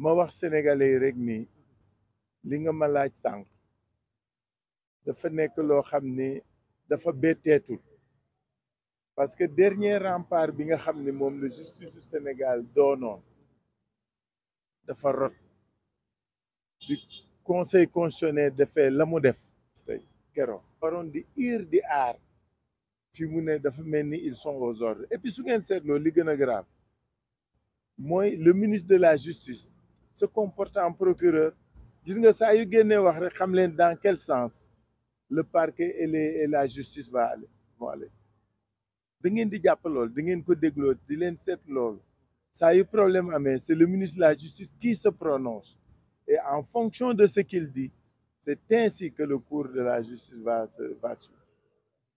ma wax sénégalais yi rek ni li nga ma laaj sànq dafa nekk loo xam ni dafa betteetul parce que dernier rempart bi nga xam ni moom la justice du Sénégal doonoon dafa rot di conseil constitutionnel defee la mu def kero keroog waroon di ir di aar fi mu ne dafa mel ni ils sont aux ordres et su ngeen seetloo li gën a grave mooy le ministre de la justice se comporte en procureur gis nga saa yu génne wax rek xam leen dans quel sens le parquet et les et la justice va aller vont da ngeen di jàpp lool da ngeen ko dégloo di leen seet loolu saa yu problème amee c'est le ministre de la justice qui se prononce et en fonction de ce qu'il dit c'est ainsi que le cours de la justice va va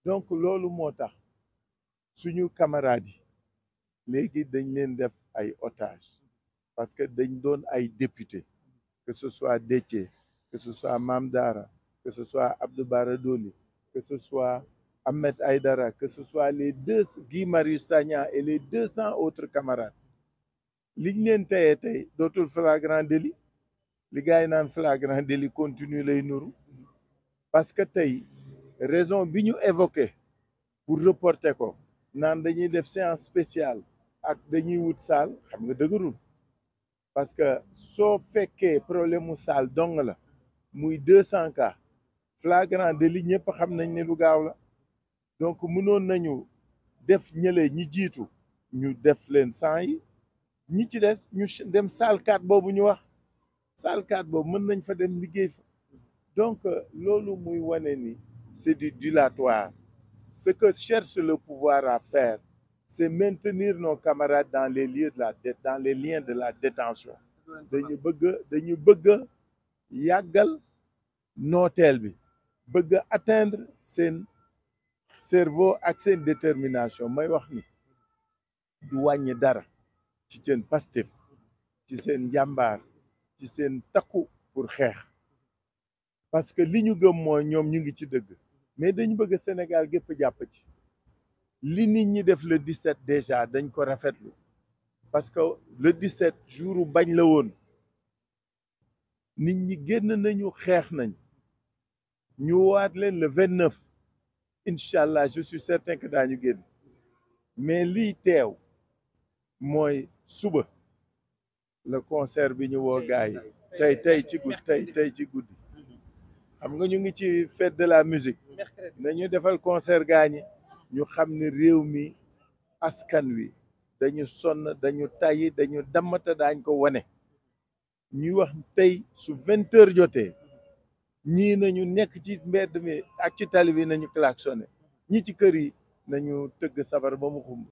donc loolu moo tax suñu camarades yi léegi dañ leen def ay otages parce que dañ doon ay député que ce soit Déthié que ce soit Mame Dara que ce soit Abdou Bara Dolly que ce soit ay dara que ce soit les deux Guy Marius Sagna et les deux cent autres camarades liñ leen teyee tey dootul flagrant délit li gars yi naan flagrant délit continue lay nuru parce que tey raison bi ñu évoqué pour reporter ko naan dañuy def séance spéciale ak dañuy wut sal xam nga dëgërul parce que soo fekkee problème mu saal dong la muy deux cent cas flagrant délit ñëpp xam nañ ne lu gaaw la donc mënoon nañu def ñële ñi jiitu ñu def leen cent yi ñi ci des ñu dem saal boobu ñu wax saal boobu mën nañ fa dem liggéey fa donc loolu muy wane ni c'est du dilatoire ce que cherche le pouvoir à faire c'est maintenir nos camarades dans les lieux de la dans les liens de la détention dañu bëgg dañu bëgg a yàggal nooteel bi bëgg a atteindre seen cerveau ak seen détermination may wax ni du wàññi dara ci seen Pastef ci seen njàmbaar ci seen takku pour xeex parce que li ñu gëm mooy ñoom ñu ngi ci dëgg mais dañu bëgg Sénégal gépp jàpp ci li nit ñi def le 17 déjà dañ ko rafetlu parce que le 17 jouru bañ la woon nit ñi génn nañu xeex nañ ñu waat leen le 29 incha allah je suis certain que ñu génn mais lii teew mooy suba le concert bi ñu woo gaay yi tey tey ci guddi tey tey ci guddi xam nga ñu ngi ci fête de la musique nañu defal concert gaañi ñu xam ne réew mi askan wi dañu sonn dañu tàyyi dañu dammata daañ ko wane ñuy wax tey su vingt jotee ñii nañu nekk ci mbedd mi ak ci tali bi nañu klaxonné ñi ci kër yi nañu tëgg sabar ba mu xumb